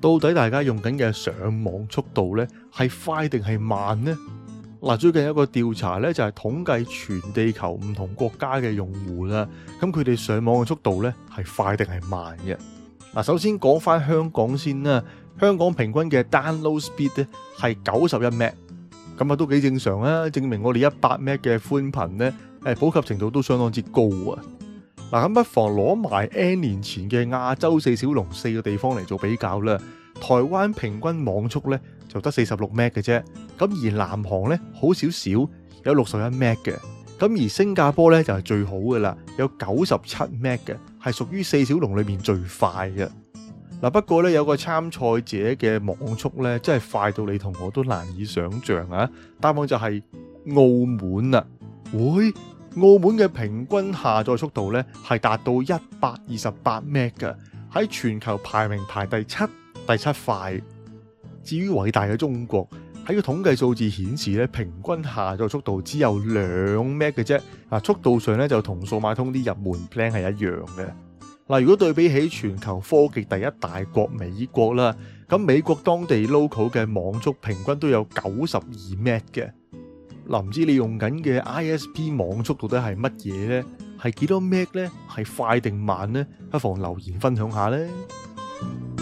到底大家用緊嘅上網速度呢係快定係慢呢？嗱，最近有一個調查呢，就係統計全地球唔同國家嘅用戶啦，咁佢哋上網嘅速度呢，係快定係慢嘅？嗱，首先講翻香港先啦，香港平均嘅 download speed 呢，係九十一 Mbps，咁啊都幾正常啊，證明我哋一百 Mbps 嘅寬頻呢，誒普及程度都相當之高啊！嗱，咁不妨攞埋 N 年前嘅亞洲四小龍四個地方嚟做比較啦。台灣平均網速咧就得四十六 Mbps 嘅啫，咁而南韓咧好少少有六十一 Mbps 嘅，咁而新加坡咧就係、是、最好嘅啦，有九十七 Mbps 嘅，係屬於四小龍裏面最快嘅。嗱，不過咧有個參賽者嘅網速咧真係快到你同我都難以想像啊！答案就係澳門啦、啊，會。澳門嘅平均下載速度咧係達到一百二十八 Mbps 嘅，喺全球排名排第七，第七快。至於偉大嘅中國，喺個統計數字顯示咧，平均下載速度只有兩 Mbps 嘅啫。啊，速度上咧就同數碼通啲入門 plan 係一樣嘅。嗱，如果對比起全球科技第一大國美國啦，咁美國當地 local 嘅網速平均都有九十二 Mbps 嘅。嗱，唔知你用緊嘅 ISP 網速到底係乜嘢呢？係幾多 Mbps 呢？係快定慢呢？不妨留言分享一下呢。